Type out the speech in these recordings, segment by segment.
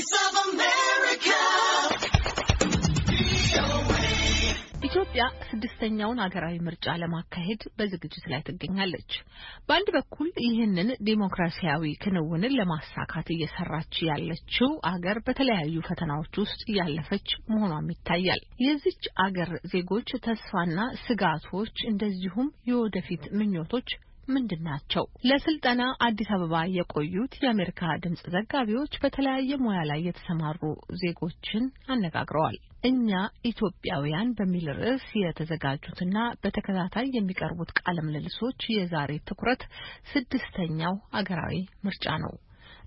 Voice of America. ኢትዮጵያ ስድስተኛውን ሀገራዊ ምርጫ ለማካሄድ በዝግጅት ላይ ትገኛለች። በአንድ በኩል ይህንን ዴሞክራሲያዊ ክንውንን ለማሳካት እየሰራች ያለችው አገር በተለያዩ ፈተናዎች ውስጥ እያለፈች መሆኗም ይታያል። የዚች አገር ዜጎች ተስፋና ስጋቶች እንደዚሁም የወደፊት ምኞቶች ምንድን ናቸው? ለስልጠና አዲስ አበባ የቆዩት የአሜሪካ ድምጽ ዘጋቢዎች በተለያየ ሙያ ላይ የተሰማሩ ዜጎችን አነጋግረዋል። እኛ ኢትዮጵያውያን በሚል ርዕስ የተዘጋጁትና በተከታታይ የሚቀርቡት ቃለ ምልልሶች የዛሬ ትኩረት ስድስተኛው አገራዊ ምርጫ ነው።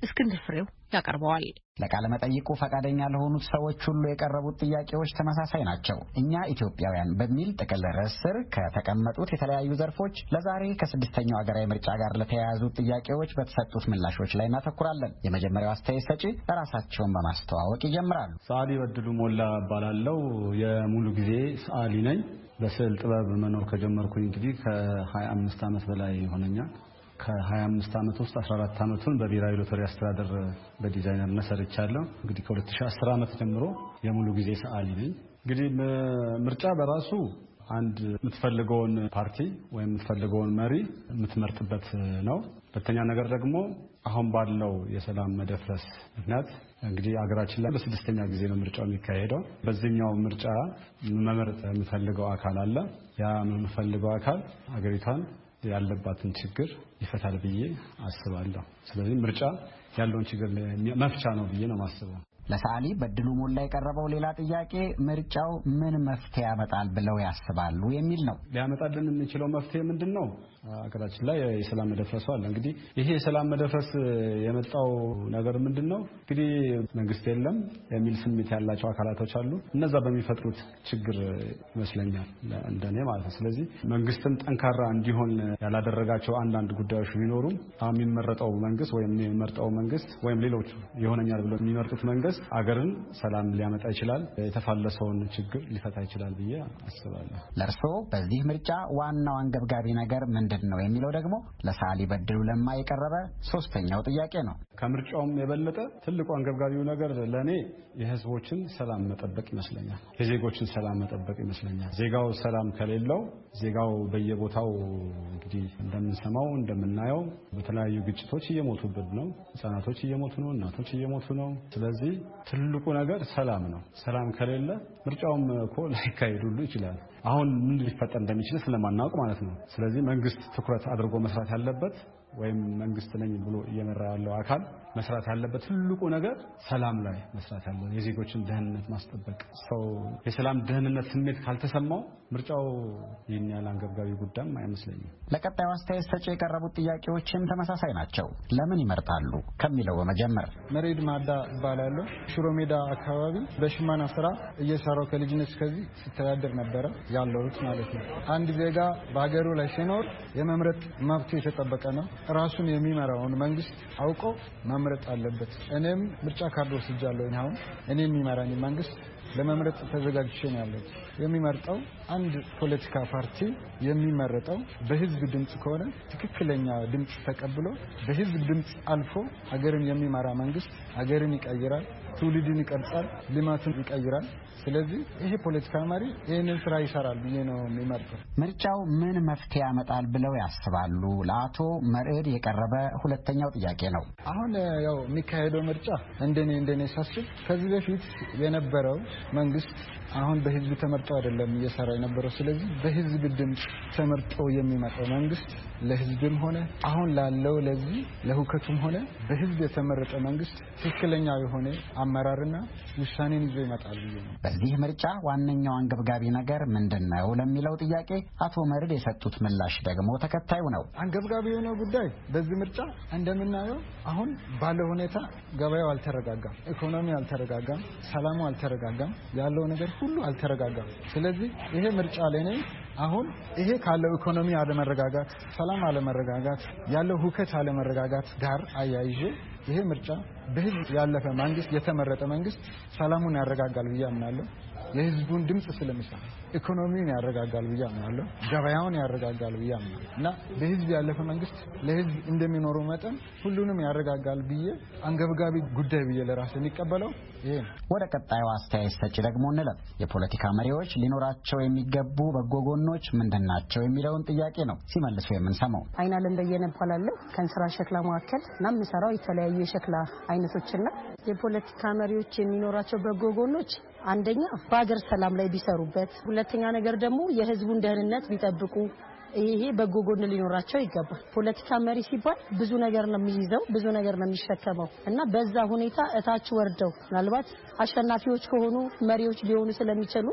እስክንድር ፍሬው ያቀርበዋል። ለቃለ መጠይቁ ፈቃደኛ ለሆኑት ሰዎች ሁሉ የቀረቡት ጥያቄዎች ተመሳሳይ ናቸው። እኛ ኢትዮጵያውያን በሚል ጥቅል ርዕስ ስር ከተቀመጡት የተለያዩ ዘርፎች ለዛሬ ከስድስተኛው ሀገራዊ ምርጫ ጋር ለተያያዙ ጥያቄዎች በተሰጡት ምላሾች ላይ እናተኩራለን። የመጀመሪያው አስተያየት ሰጪ ራሳቸውን በማስተዋወቅ ይጀምራሉ። ሰዓሊ በድሉ ሞላ እባላለሁ። የሙሉ ጊዜ ሰዓሊ ነኝ። በስዕል ጥበብ መኖር ከጀመርኩኝ እንግዲህ ከ25 ዓመት በላይ ሆነኛል። ከ25 ዓመት ውስጥ 14 ዓመቱን በብሔራዊ ሎተሪ አስተዳደር በዲዛይነር ሰርቻለሁ። እንግዲህ ከ2010 ዓመት ጀምሮ የሙሉ ጊዜ ሰዓሊ ነኝ። እንግዲህ ምርጫ በራሱ አንድ የምትፈልገውን ፓርቲ ወይም የምትፈልገውን መሪ የምትመርጥበት ነው። ሁለተኛ ነገር ደግሞ አሁን ባለው የሰላም መደፍረስ ምክንያት እንግዲህ አገራችን ላይ በስድስተኛ ጊዜ ነው ምርጫው የሚካሄደው። በዚህኛው ምርጫ መመረጥ የምፈልገው አካል አለ። ያ የምፈልገው አካል አገሪቷን ያለባትን ችግር ይፈታል ብዬ አስባለሁ። ስለዚህ ምርጫ ያለውን ችግር መፍቻ ነው ብዬ ነው የማስበው። ለሰዓሊ በድሉ ሞላ የቀረበው ሌላ ጥያቄ ምርጫው ምን መፍትሄ ያመጣል ብለው ያስባሉ የሚል ነው። ሊያመጣልን የምንችለው መፍትሄ ምንድን ነው? አገራችን ላይ የሰላም መደፍረሱ አለ። እንግዲህ ይሄ የሰላም መደፍረስ የመጣው ነገር ምንድን ነው? እንግዲህ መንግስት የለም የሚል ስሜት ያላቸው አካላቶች አሉ። እነዛ በሚፈጥሩት ችግር ይመስለኛል፣ እንደኔ ማለት ነው። ስለዚህ መንግስትም ጠንካራ እንዲሆን ያላደረጋቸው አንዳንድ ጉዳዮች ቢኖሩም የሚመረጠው መንግስት ወይም የሚመርጠው መንግስት ወይም ሌሎቹ ይሆነኛል ብሎ የሚመርጡት መንግስት መንግስት አገርን ሰላም ሊያመጣ ይችላል፣ የተፋለሰውን ችግር ሊፈታ ይችላል ብዬ አስባለሁ። ለእርስዎ በዚህ ምርጫ ዋናው አንገብጋቢ ነገር ምንድን ነው የሚለው ደግሞ ለሰዓሊ በድሉ ለማ የቀረበ ሶስተኛው ጥያቄ ነው። ከምርጫውም የበለጠ ትልቁ አንገብጋቢው ነገር ለእኔ የህዝቦችን ሰላም መጠበቅ ይመስለኛል። የዜጎችን ሰላም መጠበቅ ይመስለኛል። ዜጋው ሰላም ከሌለው ዜጋው በየቦታው እንግዲህ እንደምንሰማው እንደምናየው በተለያዩ ግጭቶች እየሞቱብን ነው። ህጻናቶች እየሞቱ ነው። እናቶች እየሞቱ ነው። ስለዚህ ትልቁ ነገር ሰላም ነው። ሰላም ከሌለ ምርጫውም እኮ ላይካሄድ ሁሉ ይችላል። አሁን ምን ሊፈጠር እንደሚችል ስለማናውቅ ማለት ነው። ስለዚህ መንግስት ትኩረት አድርጎ መስራት ያለበት ወይም መንግስት ነኝ ብሎ እየመራ ያለው አካል መስራት ያለበት ትልቁ ነገር ሰላም ላይ መስራት ያለ የዜጎችን ደህንነት ማስጠበቅ። ሰው የሰላም ደህንነት ስሜት ካልተሰማው ምርጫው ይህን ያህል አንገብጋቢ ጉዳይም አይመስለኝም። ለቀጣዩ አስተያየት ሰጪ የቀረቡት ጥያቄዎችም ተመሳሳይ ናቸው። ለምን ይመርጣሉ ከሚለው በመጀመር መሬድ ማዳ እባላለሁ። ሽሮ ሜዳ አካባቢ በሽመና ስራ እየሰራው ከልጅነት እስከዚህ ሲተዳደር ነበረ ያለሁት ማለት ነው። አንድ ዜጋ በሀገሩ ላይ ሲኖር የመምረጥ መብቱ የተጠበቀ ነው። ራሱን የሚመራውን መንግስት አውቆ መምረጥ አለበት። እኔም ምርጫ ካርድ ወስጃለሁ። አሁን እኔ የሚመራኝ መንግስት ለመምረጥ ተዘጋጅቼ ነው ያለው። የሚመርጠው አንድ ፖለቲካ ፓርቲ የሚመረጠው በህዝብ ድምፅ ከሆነ ትክክለኛ ድምፅ ተቀብሎ በህዝብ ድምፅ አልፎ ሀገርን የሚመራ መንግስት ሀገርን ይቀይራል፣ ትውልድን ይቀርጻል፣ ልማትን ይቀይራል። ስለዚህ ይሄ ፖለቲካ መሪ ይህንን ስራ ይሰራል ብዬ ነው የሚመርጠው። ምርጫው ምን መፍትሄ ያመጣል ብለው ያስባሉ? ለአቶ መርዕድ የቀረበ ሁለተኛው ጥያቄ ነው። አሁን ያው የሚካሄደው ምርጫ እንደኔ እንደኔ ሳስብ ከዚህ በፊት የነበረው መንግስት አሁን በህዝብ ተመርጦ አይደለም እየሰራ የነበረው። ስለዚህ በህዝብ ድምፅ ተመርጦ የሚመጣው መንግስት ለህዝብም ሆነ አሁን ላለው ለዚህ ለሁከቱም ሆነ በህዝብ የተመረጠ መንግስት ትክክለኛ የሆነ አመራርና ውሳኔን ይዞ ይመጣል ብዬ ነው። በዚህ ምርጫ ዋነኛው አንገብጋቢ ነገር ምንድን ነው ለሚለው ጥያቄ አቶ መርድ የሰጡት ምላሽ ደግሞ ተከታዩ ነው። አንገብጋቢ የሆነው ጉዳይ በዚህ ምርጫ እንደምናየው አሁን ባለ ሁኔታ ገበያው አልተረጋጋም፣ ኢኮኖሚ አልተረጋጋም፣ ሰላሙ አልተረጋጋም። ያለው ነገር ሁሉ አልተረጋጋም። ስለዚህ ይሄ ምርጫ ላይ ነኝ። አሁን ይሄ ካለው ኢኮኖሚ አለመረጋጋት፣ ሰላም አለመረጋጋት፣ ያለው ሁከት አለመረጋጋት ጋር አያይዤ ይሄ ምርጫ በህዝብ ያለፈ መንግስት የተመረጠ መንግስት ሰላሙን ያረጋጋል ብዬ አምናለሁ የህዝቡን ድምፅ ስለሚሰማ ኢኮኖሚን ያረጋጋል ብዬ አምናለሁ። ገበያውን ያረጋጋል ብዬ አምናለሁ እና በህዝብ ያለፈ መንግስት ለህዝብ እንደሚኖረው መጠን ሁሉንም ያረጋጋል ብዬ አንገብጋቢ ጉዳይ ብዬ ለራስ የሚቀበለው ይሄ ነው። ወደ ቀጣዩ አስተያየት ሰጪ ደግሞ እንለም። የፖለቲካ መሪዎች ሊኖራቸው የሚገቡ በጎ ጎኖች ምንድን ናቸው የሚለውን ጥያቄ ነው ሲመልሱ የምንሰማው። አይናለም በየነ እባላለሁ ከእንስራ ሸክላ መካከል እና የምሰራው የተለያዩ የሸክላ አይነቶችና የፖለቲካ መሪዎች የሚኖራቸው በጎ ጎኖች አንደኛ በሀገር ሰላም ላይ ቢሰሩበት፣ ሁለተኛ ነገር ደግሞ የህዝቡን ደህንነት ቢጠብቁ ይሄ በጎ ጎን ሊኖራቸው ይገባል። ፖለቲካ መሪ ሲባል ብዙ ነገር ነው የሚይዘው፣ ብዙ ነገር ነው የሚሸከመው እና በዛ ሁኔታ እታች ወርደው ምናልባት አሸናፊዎች ከሆኑ መሪዎች ሊሆኑ ስለሚችሉ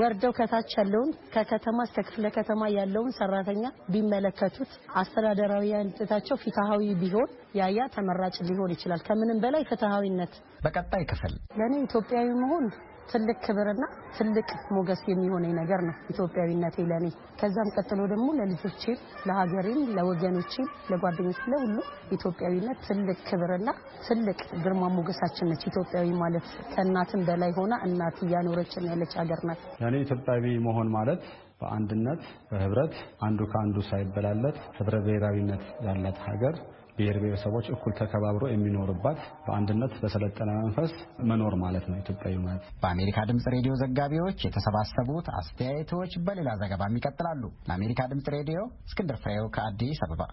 ወርደው ከታች ያለውን ከከተማ እስከ ክፍለ ከተማ ያለውን ሰራተኛ ቢመለከቱት አስተዳደራዊ አንጥታቸው ፍትሐዊ ቢሆን ያያ ተመራጭ ሊሆን ይችላል። ከምንም በላይ ፍትሃዊነት በቀጣይ ክፍል ለእኔ ኢትዮጵያዊ መሆን ትልቅ ክብርና ትልቅ ሞገስ የሚሆነኝ ነገር ነው ኢትዮጵያዊነቴ ለኔ። ከዛም ቀጥሎ ደግሞ ለልጆቼም፣ ለሀገሬም፣ ለወገኖቼም፣ ለጓደኞች ለሁሉ ኢትዮጵያዊነት ትልቅ ክብርና ትልቅ ግርማ ሞገሳችን ነች። ኢትዮጵያዊ ማለት ከእናትም በላይ ሆና እናት እያኖረችን ያለች ሀገር ናት። ለእኔ ኢትዮጵያዊ መሆን ማለት በአንድነት በህብረት አንዱ ከአንዱ ሳይበላለት ህብረ ብሔራዊነት ያላት ሀገር ብሔር ብሔረሰቦች እኩል ተከባብሮ የሚኖርባት በአንድነት በሰለጠነ መንፈስ መኖር ማለት ነው ኢትዮጵያዊ ማለት። በአሜሪካ ድምፅ ሬዲዮ ዘጋቢዎች የተሰባሰቡት አስተያየቶች በሌላ ዘገባም ይቀጥላሉ። ለአሜሪካ ድምፅ ሬዲዮ እስክንድር ፍሬው ከአዲስ አበባ